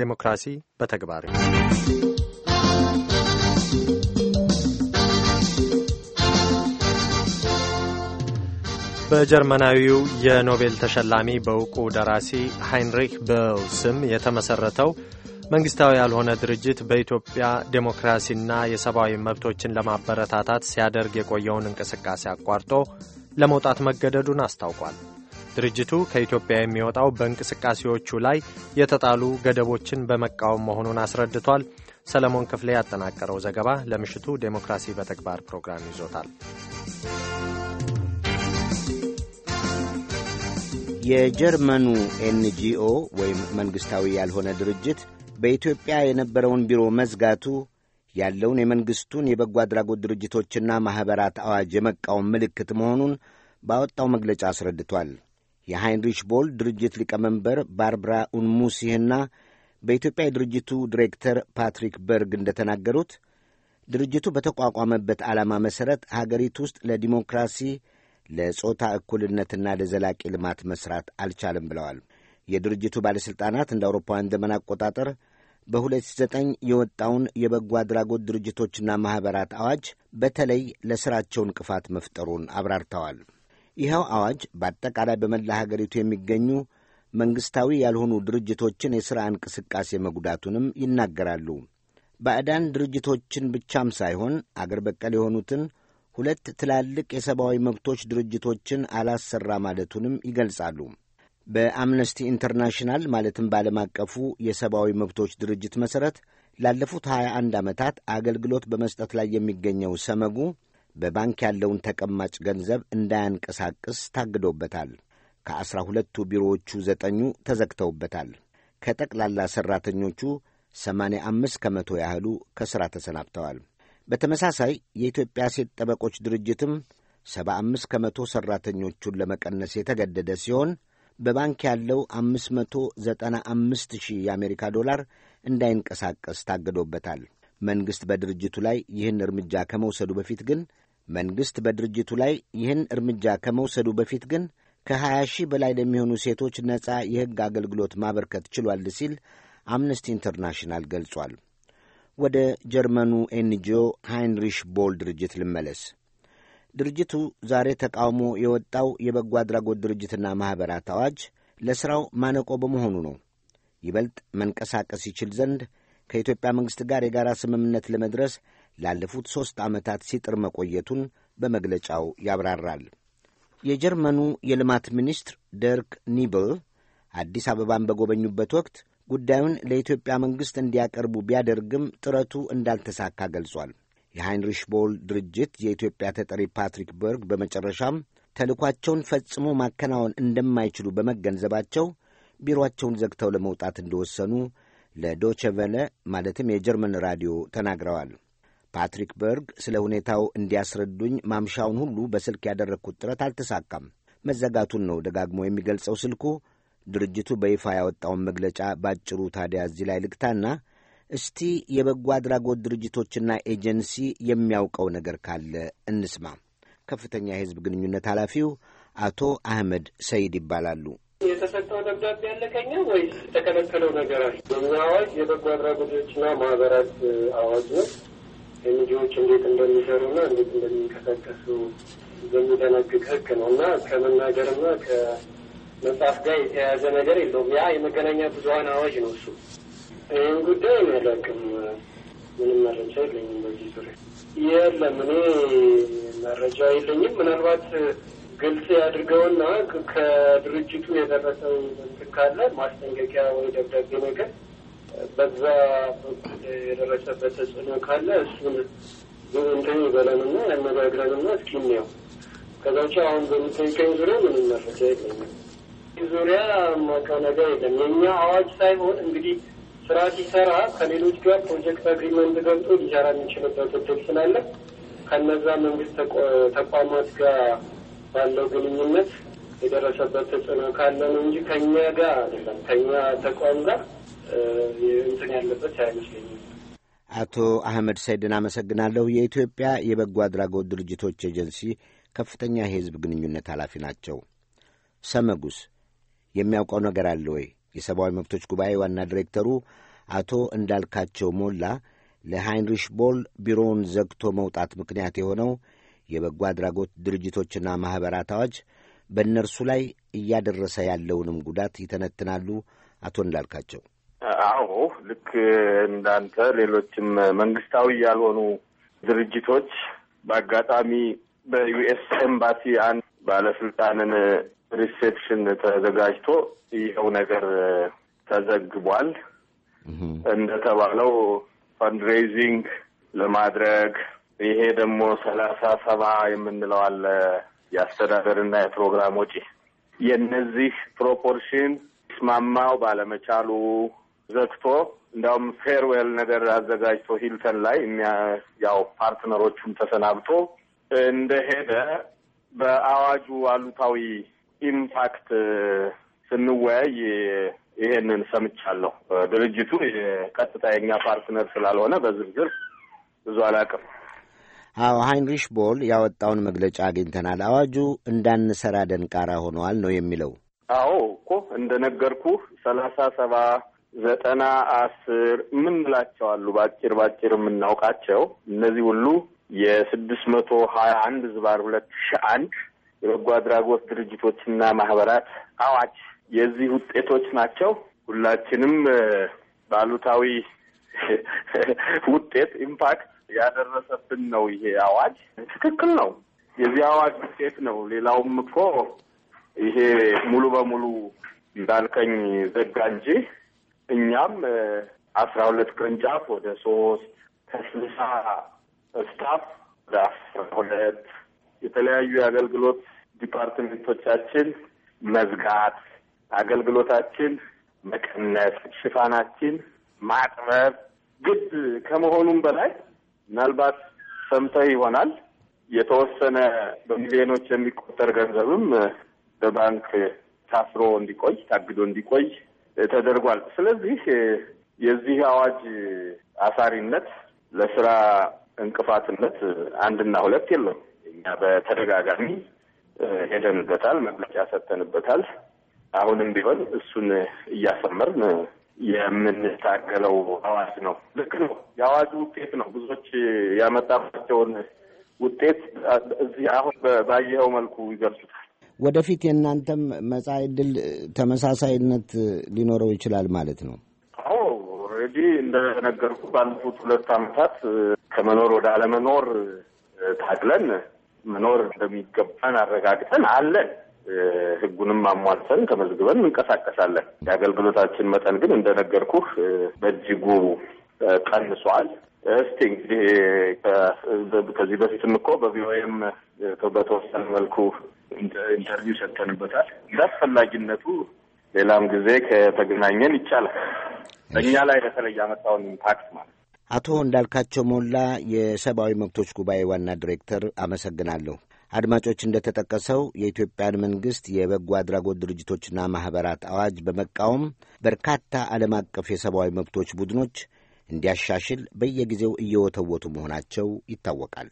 ዴሞክራሲ በተግባር በጀርመናዊው የኖቤል ተሸላሚ በእውቁ ደራሲ ሃይንሪክ በው ስም የተመሠረተው መንግሥታዊ ያልሆነ ድርጅት በኢትዮጵያ ዴሞክራሲና የሰብአዊ መብቶችን ለማበረታታት ሲያደርግ የቆየውን እንቅስቃሴ አቋርጦ ለመውጣት መገደዱን አስታውቋል። ድርጅቱ ከኢትዮጵያ የሚወጣው በእንቅስቃሴዎቹ ላይ የተጣሉ ገደቦችን በመቃወም መሆኑን አስረድቷል። ሰለሞን ክፍሌ ያጠናቀረው ዘገባ ለምሽቱ ዴሞክራሲ በተግባር ፕሮግራም ይዞታል። የጀርመኑ ኤንጂኦ ወይም መንግሥታዊ ያልሆነ ድርጅት በኢትዮጵያ የነበረውን ቢሮ መዝጋቱ ያለውን የመንግሥቱን የበጎ አድራጎት ድርጅቶችና ማኅበራት አዋጅ የመቃወም ምልክት መሆኑን ባወጣው መግለጫ አስረድቷል። የሃይንሪሽ ቦል ድርጅት ሊቀመንበር ባርብራ ኡንሙሲህና በኢትዮጵያ የድርጅቱ ዲሬክተር ፓትሪክ በርግ እንደተናገሩት ድርጅቱ በተቋቋመበት ዓላማ መሠረት ሀገሪቱ ውስጥ ለዲሞክራሲ፣ ለጾታ እኩልነትና ለዘላቂ ልማት መሥራት አልቻለም ብለዋል። የድርጅቱ ባለሥልጣናት እንደ አውሮፓውያን ዘመን አቆጣጠር በ2009 የወጣውን የበጎ አድራጎት ድርጅቶችና ማኅበራት አዋጅ በተለይ ለሥራቸው እንቅፋት መፍጠሩን አብራርተዋል። ይኸው አዋጅ በአጠቃላይ በመላ ሀገሪቱ የሚገኙ መንግሥታዊ ያልሆኑ ድርጅቶችን የሥራ እንቅስቃሴ መጉዳቱንም ይናገራሉ። ባዕዳን ድርጅቶችን ብቻም ሳይሆን አገር በቀል የሆኑትን ሁለት ትላልቅ የሰብአዊ መብቶች ድርጅቶችን አላሰራ ማለቱንም ይገልጻሉ። በአምነስቲ ኢንተርናሽናል ማለትም በዓለም አቀፉ የሰብአዊ መብቶች ድርጅት መሠረት ላለፉት 21 ዓመታት አገልግሎት በመስጠት ላይ የሚገኘው ሰመጉ በባንክ ያለውን ተቀማጭ ገንዘብ እንዳያንቀሳቅስ ታግዶበታል። ከአስራ ሁለቱ ቢሮዎቹ ዘጠኙ ተዘግተውበታል። ከጠቅላላ ሠራተኞቹ ሰማንያ አምስት ከመቶ ያህሉ ከሥራ ተሰናብተዋል። በተመሳሳይ የኢትዮጵያ ሴት ጠበቆች ድርጅትም ሰባ አምስት ከመቶ ሠራተኞቹን ለመቀነስ የተገደደ ሲሆን በባንክ ያለው አምስት መቶ ዘጠና አምስት ሺህ የአሜሪካ ዶላር እንዳይንቀሳቀስ ታግዶበታል። መንግሥት በድርጅቱ ላይ ይህን እርምጃ ከመውሰዱ በፊት ግን መንግሥት በድርጅቱ ላይ ይህን እርምጃ ከመውሰዱ በፊት ግን ከ20 ሺህ በላይ ለሚሆኑ ሴቶች ነጻ የሕግ አገልግሎት ማበርከት ችሏል ሲል አምነስቲ ኢንተርናሽናል ገልጿል። ወደ ጀርመኑ ኤንጂኦ ሃይንሪሽ ቦል ድርጅት ልመለስ። ድርጅቱ ዛሬ ተቃውሞ የወጣው የበጎ አድራጎት ድርጅትና ማኅበራት አዋጅ ለሥራው ማነቆ በመሆኑ ነው። ይበልጥ መንቀሳቀስ ይችል ዘንድ ከኢትዮጵያ መንግሥት ጋር የጋራ ስምምነት ለመድረስ ላለፉት ሦስት ዓመታት ሲጥር መቆየቱን በመግለጫው ያብራራል። የጀርመኑ የልማት ሚኒስትር ደርክ ኒብል አዲስ አበባን በጎበኙበት ወቅት ጉዳዩን ለኢትዮጵያ መንግሥት እንዲያቀርቡ ቢያደርግም ጥረቱ እንዳልተሳካ ገልጿል። የሃይንሪሽ ቦል ድርጅት የኢትዮጵያ ተጠሪ ፓትሪክ በርግ በመጨረሻም ተልኳቸውን ፈጽሞ ማከናወን እንደማይችሉ በመገንዘባቸው ቢሮአቸውን ዘግተው ለመውጣት እንደወሰኑ ለዶቸቨለ ማለትም የጀርመን ራዲዮ ተናግረዋል። ፓትሪክ በርግ ስለ ሁኔታው እንዲያስረዱኝ ማምሻውን ሁሉ በስልክ ያደረግኩት ጥረት አልተሳካም። መዘጋቱን ነው ደጋግሞ የሚገልጸው ስልኩ። ድርጅቱ በይፋ ያወጣውን መግለጫ ባጭሩ ታዲያ እዚህ ላይ ልግታና እስቲ የበጎ አድራጎት ድርጅቶችና ኤጀንሲ የሚያውቀው ነገር ካለ እንስማ። ከፍተኛ የሕዝብ ግንኙነት ኃላፊው አቶ አህመድ ሰይድ ይባላሉ። የተሰጠው ደብዳቤ ያለ ከኛ ወይስ የተከለከለው ነገር አለ? አዋጅ? የበጎ አድራጎቶችና ማህበራት አዋጅ ነው። ኤንጂኦዎች እንዴት እንደሚሰሩና እንዴት እንደሚንቀሳቀሱ የሚደነግግ ህግ ነው እና ከመናገርና ከመጽሐፍ ጋር የተያያዘ ነገር የለውም። ያ የመገናኛ ብዙሀን አዋጅ ነው እሱ። ይህን ጉዳይ አላውቅም፣ ምንም መረጃ የለኝም በዚህ ዙሪያ የለም። እኔ መረጃ የለኝም። ምናልባት ግልጽ ያድርገውና ከድርጅቱ የደረሰው ካለ ማስጠንቀቂያ ወይ ደብዳቤ ነገር በዛ የደረሰበት ተጽዕኖ ካለ እሱን እንትን ይበለንና ያነጋግረንና እስኪ እንየው። ከዛ ውጪ አሁን በምትጠይቀኝ ዙሪያ ምንም መረጃ የለኝም። ዙሪያ የማውቀው ነገር የለም። የእኛ አዋጅ ሳይሆን እንግዲህ ስራ ሲሰራ ከሌሎች ጋር ፕሮጀክት አግሪመንት ገብቶ ሊሰራ የሚችልበት እድል ስላለ ከነዛ መንግስት ተቋማት ጋር ባለው ግንኙነት የደረሰበት ተጽዕኖ ካለ ነው እንጂ ከኛ ጋር አይደለም ከኛ ተቋም ጋር እንትን ያለበት አይመስለኝም። አቶ አህመድ ሰይድን አመሰግናለሁ። የኢትዮጵያ የበጎ አድራጎት ድርጅቶች ኤጀንሲ ከፍተኛ የሕዝብ ግንኙነት ኃላፊ ናቸው። ሰመጉስ የሚያውቀው ነገር አለ ወይ? የሰብአዊ መብቶች ጉባኤ ዋና ዲሬክተሩ አቶ እንዳልካቸው ሞላ ለሃይንሪሽ ቦል ቢሮውን ዘግቶ መውጣት ምክንያት የሆነው የበጎ አድራጎት ድርጅቶችና ማኅበራት አዋጅ በእነርሱ ላይ እያደረሰ ያለውንም ጉዳት ይተነትናሉ። አቶ እንዳልካቸው አዎ ልክ እንዳንተ ሌሎችም መንግስታዊ ያልሆኑ ድርጅቶች በአጋጣሚ በዩኤስ ኤምባሲ አንድ ባለስልጣንን ሪሴፕሽን ተዘጋጅቶ ይኸው ነገር ተዘግቧል። እንደተባለው ፈንድሬይዚንግ ለማድረግ ይሄ ደግሞ ሰላሳ ሰባ የምንለው አለ የአስተዳደርና የፕሮግራም ወጪ የእነዚህ ፕሮፖርሽን ስማማው ባለመቻሉ ዘግቶ እንዲያውም ፌርዌል ነገር አዘጋጅቶ ሂልተን ላይ ያው ፓርትነሮቹን ተሰናብቶ እንደሄደ በአዋጁ አሉታዊ ኢምፓክት ስንወያይ ይሄንን ሰምቻለሁ። ድርጅቱ የቀጥታ የኛ ፓርትነር ስላልሆነ በዝርዝር ብዙ አላውቅም። አዎ ሃይንሪሽ ቦል ያወጣውን መግለጫ አግኝተናል። አዋጁ እንዳንሰራ ደንቃራ ሆነዋል ነው የሚለው። አዎ እኮ እንደነገርኩ ሰላሳ ሰባ ዘጠና አስር የምንላቸው አሉ። በአጭር በአጭር የምናውቃቸው እነዚህ ሁሉ የስድስት መቶ ሀያ አንድ ዝባር ሁለት ሺ አንድ የበጎ አድራጎት ድርጅቶችና ማህበራት አዋጅ የዚህ ውጤቶች ናቸው። ሁላችንም ባሉታዊ ውጤት ኢምፓክት ያደረሰብን ነው። ይሄ አዋጅ ትክክል ነው፣ የዚህ አዋጅ ውጤት ነው። ሌላውም እኮ ይሄ ሙሉ በሙሉ እንዳልከኝ ዘጋ እንጂ እኛም አስራ ሁለት ቅርንጫፍ ወደ ሶስት ከስልሳ ስታፍ ወደ አስራ ሁለት የተለያዩ የአገልግሎት ዲፓርትሜንቶቻችን መዝጋት፣ አገልግሎታችን መቀነስ፣ ሽፋናችን ማጥበብ ግድ ከመሆኑም በላይ ምናልባት ሰምተህ ይሆናል የተወሰነ በሚሊዮኖች የሚቆጠር ገንዘብም በባንክ ታስሮ እንዲቆይ ታግዶ እንዲቆይ ተደርጓል። ስለዚህ የዚህ አዋጅ አሳሪነት ለስራ እንቅፋትነት አንድና ሁለት የለም። እኛ በተደጋጋሚ ሄደንበታል፣ መግለጫ ሰጥተንበታል። አሁንም ቢሆን እሱን እያሰመርን የምንታገለው አዋጅ ነው። ልክ ነው፣ የአዋጁ ውጤት ነው። ብዙዎች ያመጣባቸውን ውጤት እዚህ አሁን ባየኸው መልኩ ይገልጹታል። ወደፊት የእናንተም መጻኢ ዕድል ተመሳሳይነት ሊኖረው ይችላል ማለት ነው። አዎ ኦልሬዲ እንደነገርኩ ባለፉት ሁለት ዓመታት ከመኖር ወደ አለመኖር ታግለን መኖር እንደሚገባን አረጋግጠን አለን። ህጉንም አሟልተን ተመዝግበን እንቀሳቀሳለን። የአገልግሎታችን መጠን ግን እንደነገርኩህ በእጅጉ ቀንሷል። እስቲ እንግዲህ ከዚህ በፊትም እኮ በቪኦኤም በተወሰነ መልኩ ኢንተርቪው ሰጥተንበታል። እንደ አስፈላጊነቱ ሌላም ጊዜ ከተገናኘን ይቻላል። እኛ ላይ በተለይ ያመጣውን ኢምፓክት ማለት አቶ እንዳልካቸው ሞላ የሰብአዊ መብቶች ጉባኤ ዋና ዲሬክተር፣ አመሰግናለሁ። አድማጮች፣ እንደተጠቀሰው የኢትዮጵያን መንግሥት የበጎ አድራጎት ድርጅቶችና ማኅበራት አዋጅ በመቃወም በርካታ ዓለም አቀፍ የሰብአዊ መብቶች ቡድኖች እንዲያሻሽል በየጊዜው እየወተወቱ መሆናቸው ይታወቃል።